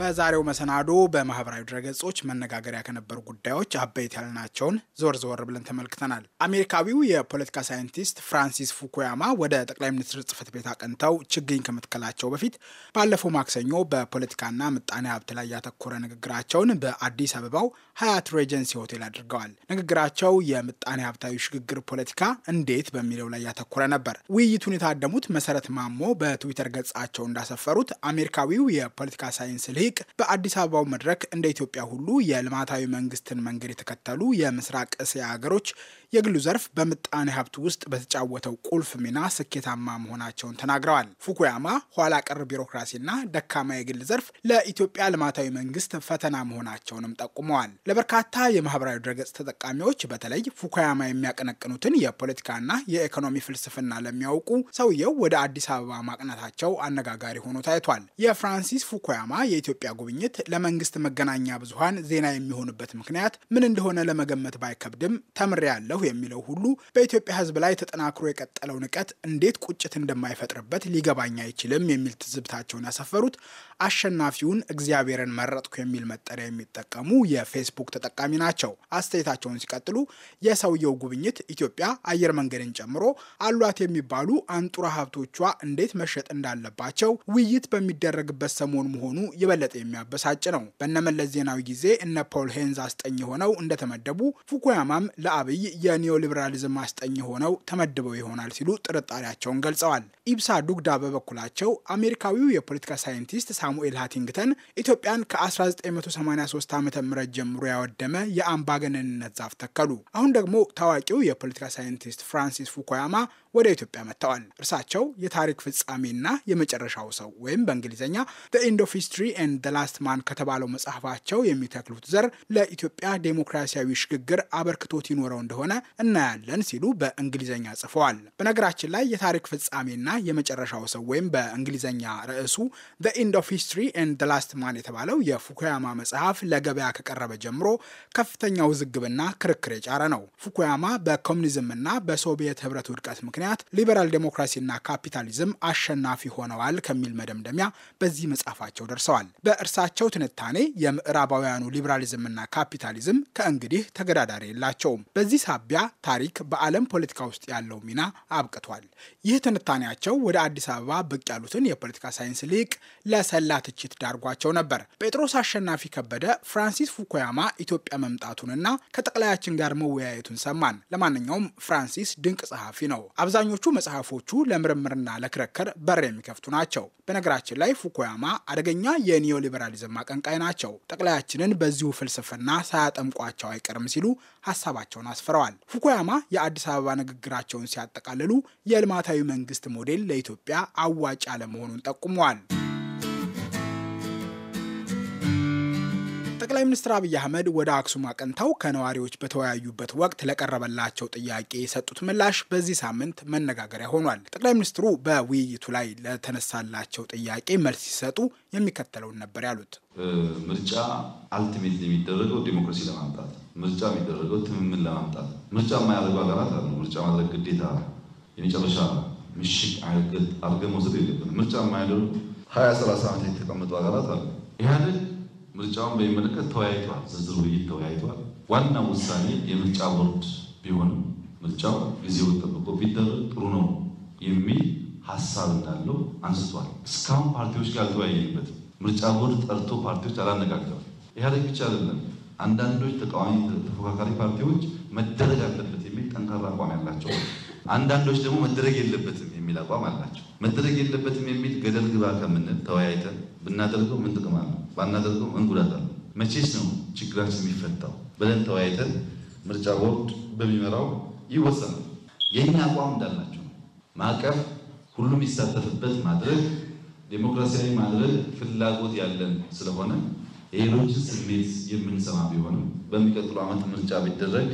በዛሬው መሰናዶ በማህበራዊ ድረገጾች መነጋገሪያ ከነበሩ ጉዳዮች አበይት ያልናቸውን ዞር ዞር ብለን ተመልክተናል። አሜሪካዊው የፖለቲካ ሳይንቲስት ፍራንሲስ ፉኩያማ ወደ ጠቅላይ ሚኒስትር ጽህፈት ቤት አቅንተው ችግኝ ከመትከላቸው በፊት ባለፈው ማክሰኞ በፖለቲካና ምጣኔ ሀብት ላይ ያተኮረ ንግግራቸውን በአዲስ አበባው ሀያት ሬጀንሲ ሆቴል አድርገዋል። ንግግራቸው የምጣኔ ሀብታዊ ሽግግር ፖለቲካ እንዴት በሚለው ላይ ያተኮረ ነበር። ውይይቱን የታደሙት መሰረት ማሞ በትዊተር ገጻቸው እንዳሰፈሩት አሜሪካዊው የፖለቲካ ሳይንስ ልሂ ሊቅ በአዲስ አበባው መድረክ እንደ ኢትዮጵያ ሁሉ የልማታዊ መንግስትን መንገድ የተከተሉ የምስራቅ እስያ ሀገሮች የግሉ ዘርፍ በምጣኔ ሀብት ውስጥ በተጫወተው ቁልፍ ሚና ስኬታማ መሆናቸውን ተናግረዋል። ፉኩያማ ኋላ ቀር ቢሮክራሲና ደካማ የግል ዘርፍ ለኢትዮጵያ ልማታዊ መንግስት ፈተና መሆናቸውንም ጠቁመዋል። ለበርካታ የማህበራዊ ድረገጽ ተጠቃሚዎች በተለይ ፉኩያማ የሚያቀነቅኑትን የፖለቲካና የኢኮኖሚ ፍልስፍና ለሚያውቁ ሰውየው ወደ አዲስ አበባ ማቅናታቸው አነጋጋሪ ሆኖ ታይቷል። የፍራንሲስ ፉኩያማ የኢትዮ የኢትዮጵያ ጉብኝት ለመንግስት መገናኛ ብዙሀን ዜና የሚሆንበት ምክንያት ምን እንደሆነ ለመገመት ባይከብድም ተምሬያለሁ የሚለው ሁሉ በኢትዮጵያ ሕዝብ ላይ ተጠናክሮ የቀጠለው ንቀት እንዴት ቁጭት እንደማይፈጥርበት ሊገባኝ አይችልም የሚል ትዝብታቸውን ያሰፈሩት አሸናፊውን እግዚአብሔርን መረጥኩ የሚል መጠሪያ የሚጠቀሙ የፌስቡክ ተጠቃሚ ናቸው። አስተያየታቸውን ሲቀጥሉ የሰውየው ጉብኝት ኢትዮጵያ አየር መንገድን ጨምሮ አሏት የሚባሉ አንጡራ ሀብቶቿ እንዴት መሸጥ እንዳለባቸው ውይይት በሚደረግበት ሰሞን መሆኑ የበለጠ የበለጠ የሚያበሳጭ ነው። በነመለስ ዜናዊ ጊዜ እነ ፖል ሄንዝ አስጠኝ ሆነው እንደተመደቡ ፉኩያማም ለአብይ የኒዮሊበራሊዝም አስጠኝ ሆነው ተመድበው ይሆናል ሲሉ ጥርጣሬያቸውን ገልጸዋል። ኢብሳ ዱግዳ በበኩላቸው አሜሪካዊው የፖለቲካ ሳይንቲስት ሳሙኤል ሃቲንግተን ኢትዮጵያን ከ1983 ዓ ም ጀምሮ ያወደመ የአምባገነንነት ዛፍ ተከሉ። አሁን ደግሞ ታዋቂው የፖለቲካ ሳይንቲስት ፍራንሲስ ፉኮያማ ወደ ኢትዮጵያ መጥተዋል። እርሳቸው የታሪክ ፍጻሜና የመጨረሻው ሰው ወይም በእንግሊዝኛ ዘ ኦፍ ሂስትሪ ዘ ላስት ማን ከተባለው መጽሐፋቸው የሚተክሉት ዘር ለኢትዮጵያ ዴሞክራሲያዊ ሽግግር አበርክቶት ይኖረው እንደሆነ እናያለን ሲሉ በእንግሊዝኛ ጽፈዋል። በነገራችን ላይ የታሪክ ፍጻሜና የመጨረሻው ሰው ወይም በእንግሊዝኛ ርዕሱ ዘ ኢንድ ኦፍ ሂስትሪ ኤንድ ዘ ላስት ማን የተባለው የፉኩያማ መጽሐፍ ለገበያ ከቀረበ ጀምሮ ከፍተኛ ውዝግብና ክርክር የጫረ ነው። ፉኩያማ በኮሚኒዝምና በሶቪየት ህብረት ውድቀት ምክንያት ሊበራል ዴሞክራሲና ካፒታሊዝም አሸናፊ ሆነዋል ከሚል መደምደሚያ በዚህ መጽሐፋቸው ደርሰዋል። በእርሳቸው ትንታኔ የምዕራባውያኑ ሊበራሊዝምና ካፒታሊዝም ከእንግዲህ ተገዳዳሪ የላቸውም። በዚህ ሳቢያ ታሪክ በዓለም ፖለቲካ ውስጥ ያለው ሚና አብቅቷል። ይህ ትንታኔያቸው ወደ አዲስ አበባ ብቅ ያሉትን የፖለቲካ ሳይንስ ሊቅ ለሰላ ትችት ዳርጓቸው ነበር። ጴጥሮስ አሸናፊ ከበደ ፍራንሲስ ፉኮያማ ኢትዮጵያ መምጣቱንና ከጠቅላያችን ጋር መወያየቱን ሰማን። ለማንኛውም ፍራንሲስ ድንቅ ጸሐፊ ነው። አብዛኞቹ መጽሐፎቹ ለምርምርና ለክርክር በር የሚከፍቱ ናቸው። በነገራችን ላይ ፉኮያማ አደገኛ የኒ የኒዮሊበራሊዝም አቀንቃይ ናቸው። ጠቅላያችንን በዚሁ ፍልስፍና ሳያጠምቋቸው አይቀርም ሲሉ ሀሳባቸውን አስፍረዋል። ፉኩያማ የአዲስ አበባ ንግግራቸውን ሲያጠቃልሉ የልማታዊ መንግስት ሞዴል ለኢትዮጵያ አዋጭ አለመሆኑን ጠቁመዋል። ጠቅላይ ሚኒስትር አብይ አህመድ ወደ አክሱም አቅንተው ከነዋሪዎች በተወያዩበት ወቅት ለቀረበላቸው ጥያቄ የሰጡት ምላሽ በዚህ ሳምንት መነጋገሪያ ሆኗል። ጠቅላይ ሚኒስትሩ በውይይቱ ላይ ለተነሳላቸው ጥያቄ መልስ ሲሰጡ የሚከተለውን ነበር ያሉት። ምርጫ አልቲሜት የሚደረገው ዲሞክራሲ ለማምጣት ምርጫ የሚደረገው ትምምን ለማምጣት ምርጫ የማያደርጉ ሀገራት አሉ። ምርጫ ማድረግ ግዴታ የመጨረሻ ምሽግ አድርገን መውሰድ የለብንም። ምርጫ የማያደርጉ ሀያ ሰላሳ ዓመት የተቀመጡ ሀገራት አሉ። ኢህአዴግ ምርጫውን በሚመለከት ተወያይቷል፣ ዝርዝር ውይይት ተወያይቷል። ዋና ውሳኔ የምርጫ ቦርድ ቢሆንም ምርጫው ጊዜውን ጠብቆ ቢደረግ ጥሩ ነው የሚል ሀሳብ እንዳለው አንስቷል። እስካሁን ፓርቲዎች ጋር አልተወያየንበትም። ምርጫ ቦርድ ጠርቶ ፓርቲዎች አላነጋግረዋል። ኢህአዴግ ብቻ አይደለም፣ አንዳንዶች ተቃዋሚ ተፎካካሪ ፓርቲዎች መደረግ አለበት የሚል ጠንካራ አቋም ያላቸው፣ አንዳንዶች ደግሞ መደረግ የለበትም የሚል አቋም አላቸው። መደረግ የለበትም የሚል ገደል ግባ ከምንል ተወያይተን ብናደርገው ምን ጥቅም አለው? ባናደርገው ምን ጉዳት አለው? መቼስ ነው ችግራችን የሚፈታው ብለን ተወያይተን ምርጫ ቦርድ በሚመራው ይወሰናል። የእኛ አቋም እንዳላቸው ነው። ማዕቀፍ ሁሉም ይሳተፍበት ማድረግ ዴሞክራሲያዊ ማድረግ ፍላጎት ያለን ስለሆነ የሌሎችን ስሜት የምንሰማ ቢሆንም በሚቀጥሉ ዓመት ምርጫ ቢደረግ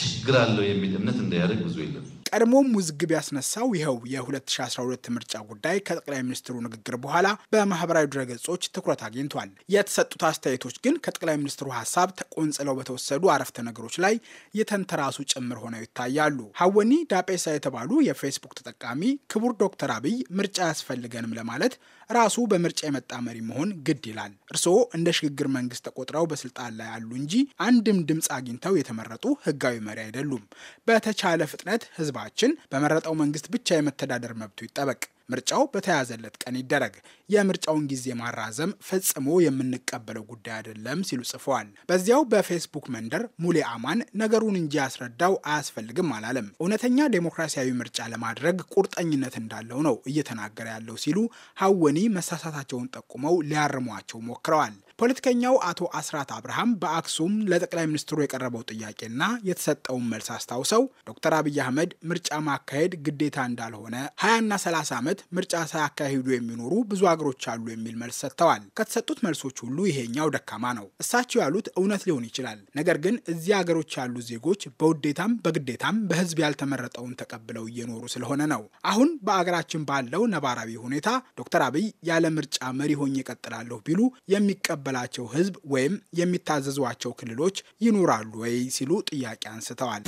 ችግር አለው የሚል እምነት እንዳያደርግ ብዙ የለም። ቀድሞም ውዝግብ ያስነሳው ይኸው የ2012 ምርጫ ጉዳይ ከጠቅላይ ሚኒስትሩ ንግግር በኋላ በማህበራዊ ድረገጾች ትኩረት አግኝቷል። የተሰጡት አስተያየቶች ግን ከጠቅላይ ሚኒስትሩ ሀሳብ ተቆንጽለው በተወሰዱ አረፍተ ነገሮች ላይ የተንተራሱ ጭምር ሆነው ይታያሉ። ሀወኒ ዳጴሳ የተባሉ የፌስቡክ ተጠቃሚ ክቡር ዶክተር አብይ ምርጫ አያስፈልገንም ለማለት ራሱ በምርጫ የመጣ መሪ መሆን ግድ ይላል። እርስዎ እንደ ሽግግር መንግስት ተቆጥረው በስልጣን ላይ አሉ እንጂ አንድም ድምፅ አግኝተው የተመረጡ ህጋዊ መሪ አይደሉም። በተቻለ ፍጥነት ህዝብ ህዝባችን በመረጠው መንግስት ብቻ የመተዳደር መብቱ ይጠበቅ። ምርጫው በተያዘለት ቀን ይደረግ። የምርጫውን ጊዜ ማራዘም ፈጽሞ የምንቀበለው ጉዳይ አይደለም ሲሉ ጽፈዋል። በዚያው በፌስቡክ መንደር ሙሌ አማን ነገሩን እንጂ ያስረዳው አያስፈልግም አላለም። እውነተኛ ዴሞክራሲያዊ ምርጫ ለማድረግ ቁርጠኝነት እንዳለው ነው እየተናገረ ያለው ሲሉ ሀወኒ መሳሳታቸውን ጠቁመው ሊያርሟቸው ሞክረዋል። ፖለቲከኛው አቶ አስራት አብርሃም በአክሱም ለጠቅላይ ሚኒስትሩ የቀረበው ጥያቄና የተሰጠውን መልስ አስታውሰው ዶክተር አብይ አህመድ ምርጫ ማካሄድ ግዴታ እንዳልሆነ ሀያና ሰላሳ ዓመት ምርጫ ሳያካሂዱ የሚኖሩ ብዙ አገሮች አሉ የሚል መልስ ሰጥተዋል። ከተሰጡት መልሶች ሁሉ ይሄኛው ደካማ ነው። እሳቸው ያሉት እውነት ሊሆን ይችላል። ነገር ግን እዚያ አገሮች ያሉ ዜጎች በውዴታም በግዴታም በህዝብ ያልተመረጠውን ተቀብለው እየኖሩ ስለሆነ ነው። አሁን በአገራችን ባለው ነባራዊ ሁኔታ ዶክተር አብይ ያለ ምርጫ መሪ ሆኜ እቀጥላለሁ ቢሉ የሚቀበ የሚቀበላቸው ህዝብ ወይም የሚታዘዟቸው ክልሎች ይኖራሉ ወይ ሲሉ ጥያቄ አንስተዋል።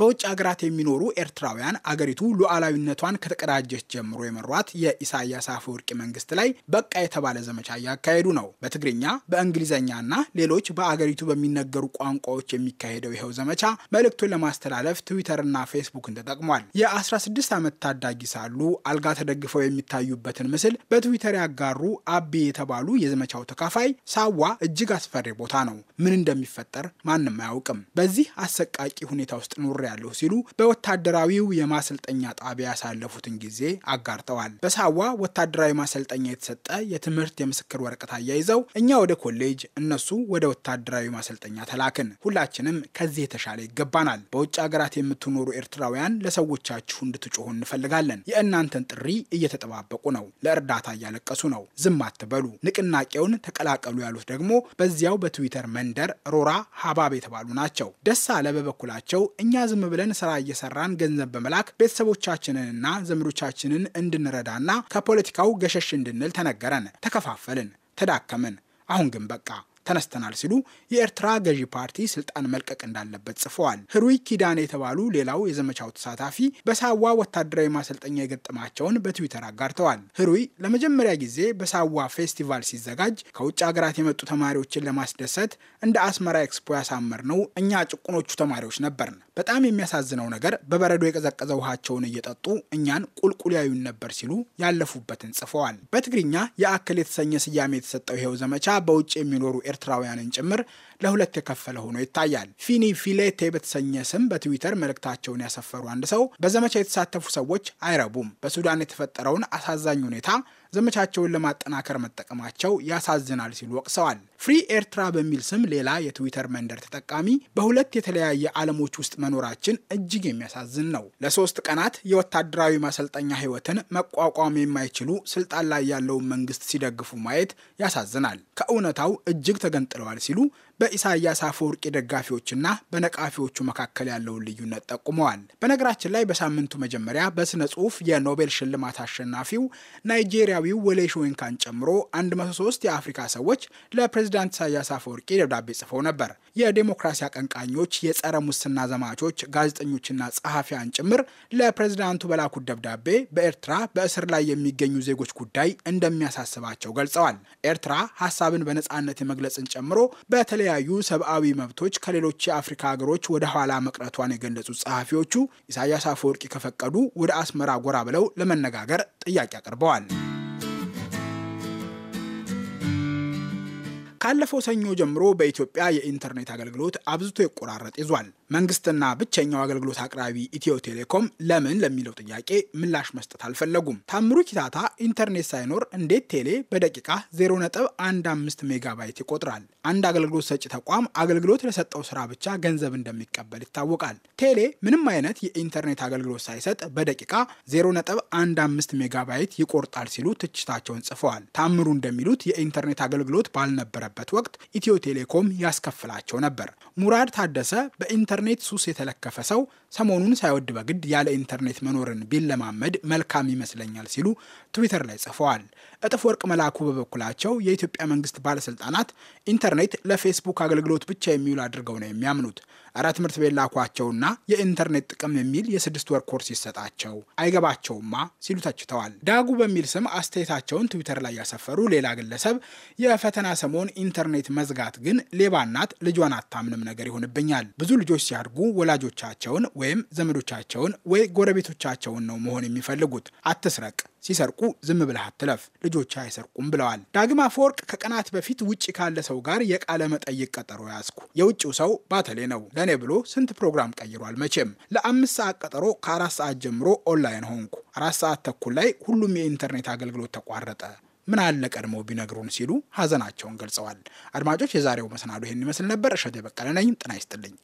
በውጭ ሀገራት የሚኖሩ ኤርትራውያን አገሪቱ ሉዓላዊነቷን ከተቀዳጀች ጀምሮ የመሯት የኢሳያስ አፈወርቂ መንግስት ላይ በቃ የተባለ ዘመቻ እያካሄዱ ነው። በትግርኛ በእንግሊዝኛና ሌሎች በአገሪቱ በሚነገሩ ቋንቋዎች የሚካሄደው ይኸው ዘመቻ መልእክቱን ለማስተላለፍ ትዊተርና ፌስቡክን ተጠቅሟል። የ16 ዓመት ታዳጊ ሳሉ አልጋ ተደግፈው የሚታዩበትን ምስል በትዊተር ያጋሩ አቤ የተባሉ የዘመቻው ተካፋይ ሳዋ እጅግ አስፈሪ ቦታ ነው፣ ምን እንደሚፈጠር ማንም አያውቅም። በዚህ አሰቃቂ ሁኔታ ውስጥ ኑሬ ኖሬያለሁ ሲሉ በወታደራዊው የማሰልጠኛ ጣቢያ ያሳለፉትን ጊዜ አጋርተዋል። በሳዋ ወታደራዊ ማሰልጠኛ የተሰጠ የትምህርት የምስክር ወረቀት አያይዘው እኛ ወደ ኮሌጅ፣ እነሱ ወደ ወታደራዊ ማሰልጠኛ ተላክን። ሁላችንም ከዚህ የተሻለ ይገባናል። በውጭ ሀገራት የምትኖሩ ኤርትራውያን ለሰዎቻችሁ እንድትጮሁ እንፈልጋለን። የእናንተን ጥሪ እየተጠባበቁ ነው። ለእርዳታ እያለቀሱ ነው። ዝም አትበሉ፣ ንቅናቄውን ተቀላቀሉ ያሉት ደግሞ በዚያው በትዊተር መንደር ሮራ ሀባብ የተባሉ ናቸው። ደስ አለ በበኩላቸው እኛ ዝም ብለን ስራ እየሰራን ገንዘብ በመላክ ቤተሰቦቻችንንና ዘመዶቻችንን እንድንረዳና ከፖለቲካው ገሸሽ እንድንል ተነገረን። ተከፋፈልን፣ ተዳከምን። አሁን ግን በቃ ተነስተናል ሲሉ የኤርትራ ገዢ ፓርቲ ስልጣን መልቀቅ እንዳለበት ጽፈዋል። ህሩይ ኪዳን የተባሉ ሌላው የዘመቻው ተሳታፊ በሳዋ ወታደራዊ ማሰልጠኛ የገጠማቸውን በትዊተር አጋርተዋል። ህሩይ ለመጀመሪያ ጊዜ በሳዋ ፌስቲቫል ሲዘጋጅ ከውጭ ሀገራት የመጡ ተማሪዎችን ለማስደሰት እንደ አስመራ ኤክስፖ ያሳመር ነው እኛ ጭቁኖቹ ተማሪዎች ነበርን። በጣም የሚያሳዝነው ነገር በበረዶ የቀዘቀዘ ውሃቸውን እየጠጡ እኛን ቁልቁል ያዩን ነበር ሲሉ ያለፉበትን ጽፈዋል። በትግርኛ የአክል የተሰኘ ስያሜ የተሰጠው ይሄው ዘመቻ በውጭ የሚኖሩ ኤርትራውያንን ጭምር ለሁለት የከፈለ ሆኖ ይታያል። ፊኒ ፊሌቴ በተሰኘ ስም በትዊተር መልእክታቸውን ያሰፈሩ አንድ ሰው በዘመቻ የተሳተፉ ሰዎች አይረቡም፣ በሱዳን የተፈጠረውን አሳዛኝ ሁኔታ ዘመቻቸውን ለማጠናከር መጠቀማቸው ያሳዝናል ሲሉ ወቅሰዋል። ፍሪ ኤርትራ በሚል ስም ሌላ የትዊተር መንደር ተጠቃሚ በሁለት የተለያየ ዓለሞች ውስጥ መኖራችን እጅግ የሚያሳዝን ነው። ለሶስት ቀናት የወታደራዊ ማሰልጠኛ ሕይወትን መቋቋም የማይችሉ ስልጣን ላይ ያለውን መንግስት ሲደግፉ ማየት ያሳዝናል፣ ከእውነታው እጅግ ተገንጥለዋል ሲሉ በኢሳያስ አፈወርቂ ደጋፊዎችና በነቃፊዎቹ መካከል ያለውን ልዩነት ጠቁመዋል። በነገራችን ላይ በሳምንቱ መጀመሪያ በስነ ጽሁፍ የኖቤል ሽልማት አሸናፊው ናይጄሪያዊው ወሌ ሾይንካን ጨምሮ 103 የአፍሪካ ሰዎች ለፕሬዚዳንት ኢሳያስ አፈወርቂ ደብዳቤ ጽፈው ነበር። የዴሞክራሲ አቀንቃኞች፣ የጸረ ሙስና ዘማቾች፣ ጋዜጠኞችና ጸሐፊያን ጭምር ለፕሬዚዳንቱ በላኩት ደብዳቤ በኤርትራ በእስር ላይ የሚገኙ ዜጎች ጉዳይ እንደሚያሳስባቸው ገልጸዋል። ኤርትራ ሀሳብን በነጻነት የመግለጽን ጨምሮ በተለይ የተለያዩ ሰብአዊ መብቶች ከሌሎች የአፍሪካ ሀገሮች ወደ ኋላ መቅረቷን የገለጹት ጸሐፊዎቹ ኢሳያስ አፈወርቂ ከፈቀዱ ወደ አስመራ ጎራ ብለው ለመነጋገር ጥያቄ አቅርበዋል። ካለፈው ሰኞ ጀምሮ በኢትዮጵያ የኢንተርኔት አገልግሎት አብዝቶ ይቆራረጥ ይዟል። መንግስትና ብቸኛው አገልግሎት አቅራቢ ኢትዮ ቴሌኮም ለምን ለሚለው ጥያቄ ምላሽ መስጠት አልፈለጉም። ታምሩ ኪታታ ኢንተርኔት ሳይኖር እንዴት ቴሌ በደቂቃ 0.15 ሜጋባይት ይቆጥራል? አንድ አገልግሎት ሰጪ ተቋም አገልግሎት ለሰጠው ስራ ብቻ ገንዘብ እንደሚቀበል ይታወቃል። ቴሌ ምንም አይነት የኢንተርኔት አገልግሎት ሳይሰጥ በደቂቃ 0.15 ሜጋባይት ይቆርጣል ሲሉ ትችታቸውን ጽፈዋል። ታምሩ እንደሚሉት የኢንተርኔት አገልግሎት ባልነበረበት በነበረበት ወቅት ኢትዮ ቴሌኮም ያስከፍላቸው ነበር። ሙራድ ታደሰ በኢንተርኔት ሱስ የተለከፈ ሰው ሰሞኑን ሳይወድ በግድ ያለ ኢንተርኔት መኖርን ቢለማመድ መልካም ይመስለኛል ሲሉ ትዊተር ላይ ጽፈዋል። እጥፍ ወርቅ መላኩ በበኩላቸው የኢትዮጵያ መንግስት ባለስልጣናት ኢንተርኔት ለፌስቡክ አገልግሎት ብቻ የሚውል አድርገው ነው የሚያምኑት። እረ ትምህርት ቤት ላኳቸውና የኢንተርኔት ጥቅም የሚል የስድስት ወር ኮርስ ይሰጣቸው አይገባቸውማ ሲሉ ተችተዋል። ዳጉ በሚል ስም አስተያየታቸውን ትዊተር ላይ ያሰፈሩ ሌላ ግለሰብ የፈተና ሰሞን ኢንተርኔት መዝጋት ግን ሌባ እናት ልጇን አታምንም ነገር ይሆንብኛል። ብዙ ልጆች ሲያድጉ ወላጆቻቸውን ወይም ዘመዶቻቸውን ወይ ጎረቤቶቻቸውን ነው መሆን የሚፈልጉት። አትስረቅ ሲሰርቁ ዝም ብለህ አትለፍ፣ ልጆች አይሰርቁም ብለዋል። ዳግም አፈወርቅ ከቀናት በፊት ውጭ ካለ ሰው ጋር የቃለ መጠይቅ ቀጠሮ ያዝኩ። የውጭው ሰው ባተሌ ነው። ለእኔ ብሎ ስንት ፕሮግራም ቀይሯል። መቼም ለአምስት ሰዓት ቀጠሮ ከአራት ሰዓት ጀምሮ ኦንላይን ሆንኩ። አራት ሰዓት ተኩል ላይ ሁሉም የኢንተርኔት አገልግሎት ተቋረጠ። ምን አለ ቀድሞ ቢነግሩን ሲሉ ሀዘናቸውን ገልጸዋል። አድማጮች፣ የዛሬው መሰናዶ ይህን ይመስል ነበር። እሸቴ በቀለ ነኝ። ጤና ይስጥልኝ።